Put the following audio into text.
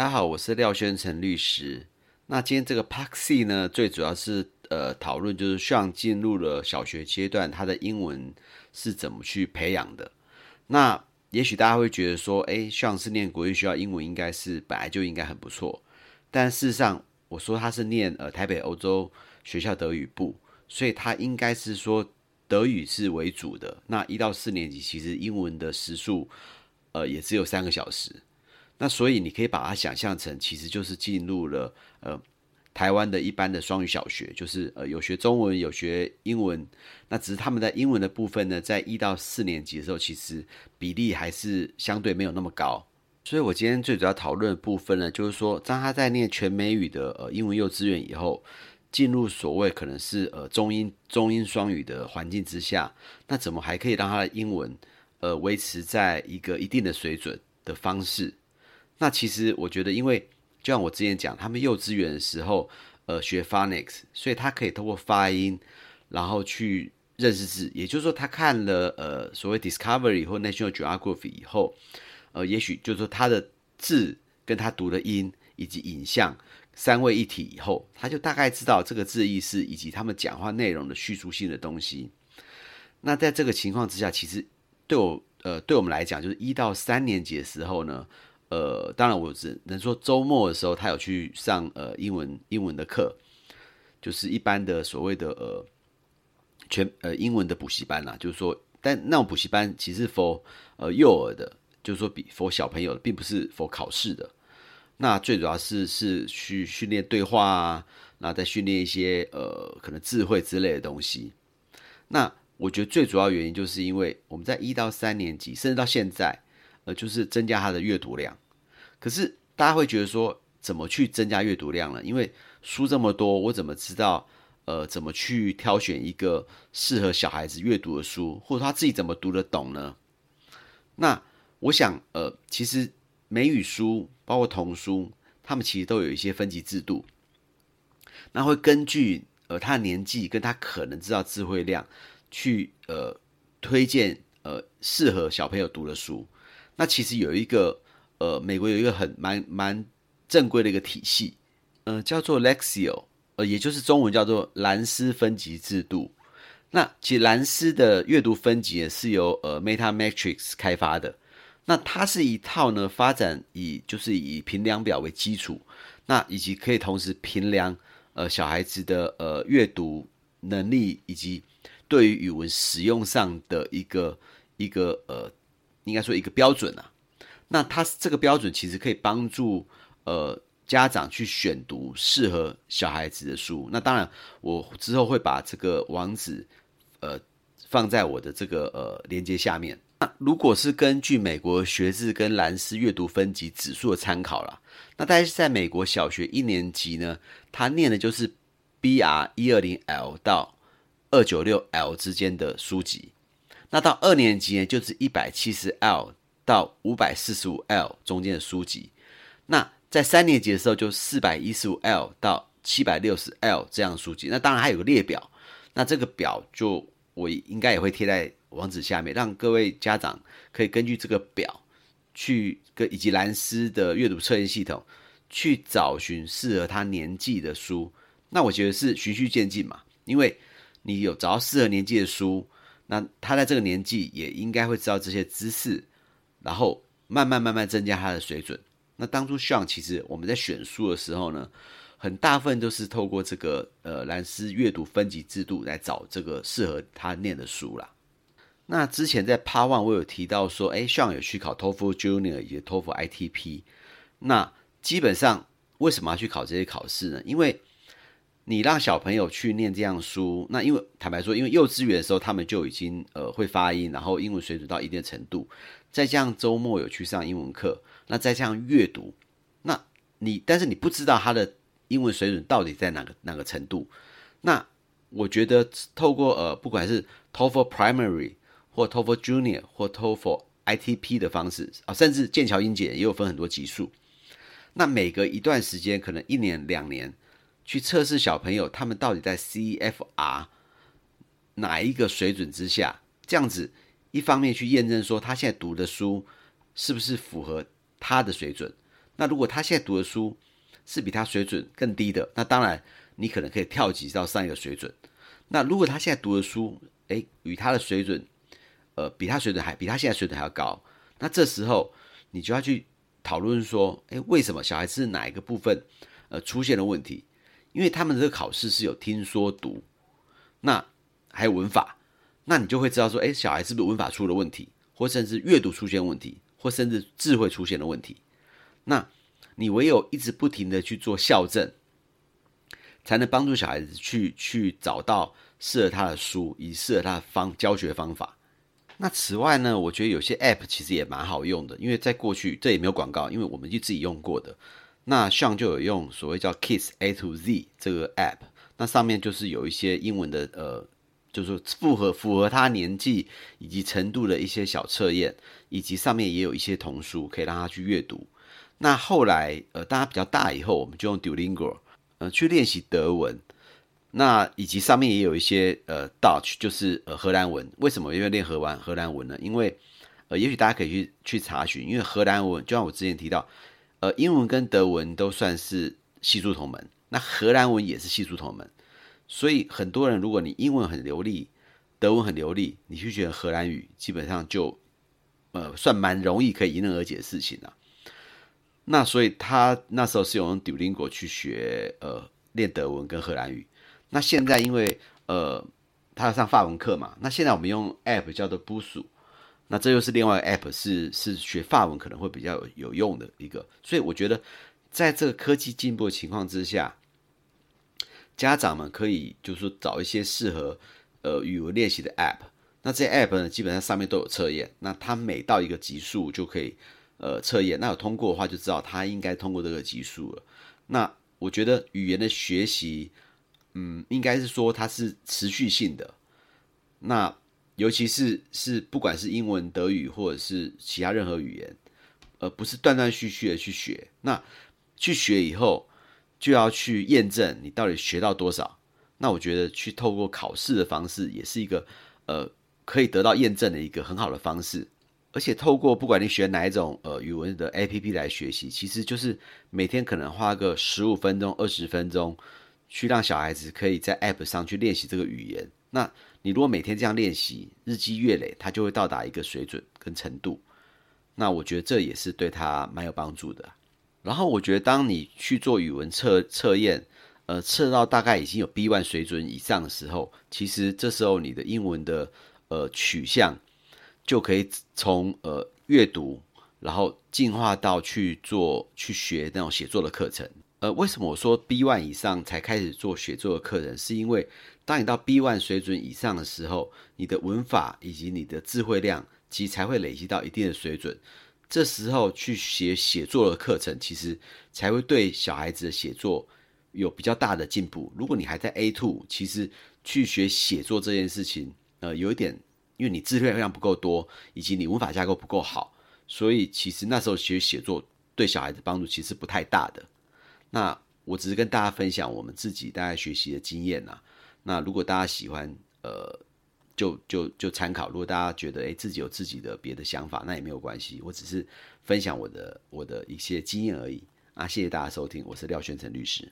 大家好，我是廖宣成律師。那今天這個 Paxi 呢，最主要是呃討論就是旭陽進入了小學階段，他的英文是怎麼去培養的？那也許大家會覺得說，哎、欸，旭陽是念國際學校，英文應該是本來就應該很不錯。但事實上，我說他是念呃台北歐洲學校德語部，所以他應該是說德語是為主的。那一到四年級，其實英文的時數，呃，也只有三個小時。那所以你可以把它想象成，其實就是進入了呃台灣的一般的雙語小學，就是呃有學中文有學英文，那只是他們在英文的部分呢，在一到四年級的時候，其實比例還是相對沒有那麼高。所以我今天最主要討論的部分呢，就是說，當他在念全美語的呃英文幼稚園以後，進入所謂可能是呃中英中英雙語的環境之下，那怎麼還可以讓他的英文呃維持在一個一定的水準的方式？那其實我覺得，因為就像我之前講，他們幼稚園的時候，呃，學 phonics，所以他可以透過發音，然後去認識字。也就是說，他看了呃所謂 Discovery 或 National Geography 以後，呃，也許就是說他的字跟他讀的音以及影像三位一體以後，他就大概知道這個字意思以及他們講話內容的敘述性的東西。那在這個情況之下，其實對我呃對我們來講，就是一到三年級的時候呢。呃，當然，我只能說周末的時候，他有去上呃英文英文的課，就是一般的所謂的呃全呃英文的補習班啦、啊。就是說，但那種補習班其實 for 呃幼兒的，就是說比 for 小朋友的，並不是 for 考試的。那最主要是是去訓練對話啊，那再訓練一些呃可能智慧之類的東西。那我覺得最主要原因就是因為我們在一到三年級，甚至到現在，呃，就是增加他的閱讀量。可是大家會覺得說，怎麼去增加閱讀量呢？因為書這麼多，我怎麼知道，呃，怎麼去挑選一個適合小孩子閱讀的書，或者他自己怎麼讀得懂呢？那我想，呃，其實美語書包括童書，他們其實都有一些分級制度，那會根據呃他的年紀跟他可能知道詞彙量，去呃推薦呃適合小朋友讀的書。那其實有一個。呃，美國有一個很蠻蠻正規的一個體系，呃，叫做 Lexile 呃，也就是中文叫做藍思分級制度。那其實藍思的閱讀分級也是由呃 MetaMetrics 開發的。那它是一套呢，發展以就是以評量表為基礎，那以及可以同時評量呃小孩子的呃閱讀能力，以及對於語文使用上的一個一個呃，應該說一個標準啊。那它這個標準其實可以幫助呃家長去選讀適合小孩子的書。那當然，我之後會把這個網址呃放在我的這個呃鏈接下面。那如果是根據美國學制跟藍思閱讀分級指數的參考啦，那大家是在美國小學一年級呢，他念的就是 BR 一二零 L 到二九六 L 之間的書籍。那到二年級呢，就是一百七十 L。到五百四十五 L 中間的書籍，那在三年級的時候就四百一十五 L 到七百六十 L 這樣的書籍。那當然還有個列表，那這個表就我應該也會貼在網址下面，讓各位家長可以根據這個表，去跟以及藍思的閱讀測驗系統去找尋適合他年紀的書。那我覺得是循序漸進嘛，因為你有找到適合年紀的書，那他在這個年紀也應該會知道這些知識。然後慢慢慢慢增加他的水準。那當初 Sean 其實，我們在選書的時候呢，很大部分都是透過這個呃藍思閱讀分級制度來找這個適合他念的書啦。那之前在 Part One 我有提到說，哎，Sean 有去考 TOEFL Junior 以及 TOEFL ITP。那基本上為什麼要去考這些考試呢？因為你讓小朋友去念這樣書，那因為坦白說，因為幼稚園的時候他們就已經呃會發音，然後英文水準到一定程度，再加上周末有去上英文課，那再加上閱讀，那你但是你不知道他的英文水準到底在哪個哪個程度，那我覺得透過呃不管是 TOEFL Primary 或 TOEFL Junior 或 TOEFL ITP 的方式啊，甚至劍橋英檢也有分很多級數，那每隔一段時間，可能一年兩年。去測試小朋友，他們到底在 CFR 哪一個水準之下？這樣子，一方面去驗證說他現在讀的書是不是符合他的水準。那如果他現在讀的書是比他水準更低的，那當然你可能可以跳級到上一個水準。那如果他現在讀的書，哎，與他的水準，呃，比他水準還比他現在水準還要高，那這時候你就要去討論說，哎，為什麼小孩子是哪一個部分，呃，出現了問題？因為他們這個考試是有聽說讀，那還有文法，那你就會知道說，哎，小孩是不是文法出了問題，或甚至閱讀出現問題，或甚至智慧出現了問題，那你唯有一直不停的去做校正，才能幫助小孩子去去找到適合他的書，以適合他的方教學方法。那此外呢，我覺得有些 App 其實也蠻好用的，因為在過去這也沒有廣告，因為我們就自己用過的。那像就有用所謂叫 Kids A to Z 這個 app，那上面就是有一些英文的呃，就是符合符合他年紀以及程度的一些小測驗，以及上面也有一些童書可以讓他去閱讀。那後來呃大家比較大以後，我們就用 Duolingo 呃去練習德文，那以及上面也有一些呃 Dutch 就是呃荷蘭文。為什麼？因為練荷蘭荷蘭文呢？因為呃也許大家可以去去查詢，因為荷蘭文就像我之前提到。呃，英文跟德文都算是西蘇同門，那荷蘭文也是西蘇同門，所以很多人如果你英文很流利，德文很流利，你去學荷蘭語，基本上就呃算蠻容易可以迎刃而解的事情了、啊。那所以他那時候是有用 Duolingo 去學呃練德文跟荷蘭語，那現在因為呃他要上法文課嘛，那現在我們用 App 叫做 Busuu、so,。那這又是另外一個 App，是是學法文可能會比較有，有用的一個。所以我覺得，在這個科技進步的情況之下，家長們可以就是說找一些適合呃語文練習的 App。那這些 App 呢，基本上上面都有測驗。那它每到一個級數就可以呃測驗。那有通過的話，就知道他應該通過這個級數了。那我覺得語言的學習，嗯，應該是說它是持續性的。那。尤其是是不管是英文、德語，或者是其他任何語言，而、呃、不是斷斷續續的去學。那去學以後，就要去驗證你到底學到多少。那我覺得去透過考試的方式，也是一個呃可以得到驗證的一個很好的方式。而且透過不管你學哪一種呃語文的 APP 來學習，其實就是每天可能花個十五分鐘、二十分鐘，去讓小孩子可以在 APP 上去練習這個語言。那你如果每天這樣練習，日積月累，它就會到達一個水準跟程度。那我覺得這也是對他蠻有幫助的。然後我覺得，當你去做語文測測驗，呃，測到大概已經有 B1 水準以上的時候，其實這時候你的英文的呃取向就可以從呃閱讀，然後進化到去做去學那種寫作的課程。呃，為什麼我說 B One 以上才開始做寫作的課程？是因為當你到 B One 水準以上的時候，你的文法以及你的詞彙量其實才會累積到一定的水準。這時候去學寫，寫作的課程，其實才會對小孩子的寫作有比較大的進步。如果你還在 A Two，其實去學寫作這件事情，呃，有一點，因為你詞彙量不夠多，以及你文法架構不夠好，所以其實那時候學寫，寫作對小孩子幫助其實不太大的。那我只是跟大家分享我們自己大概學習的經驗吶、啊。那如果大家喜歡，呃，就就就參考。如果大家覺得誒、欸、自己有自己的別的想法，那也沒有關係。我只是分享我的我的一些經驗而已。啊，謝謝大家收聽，我是廖宣成律師。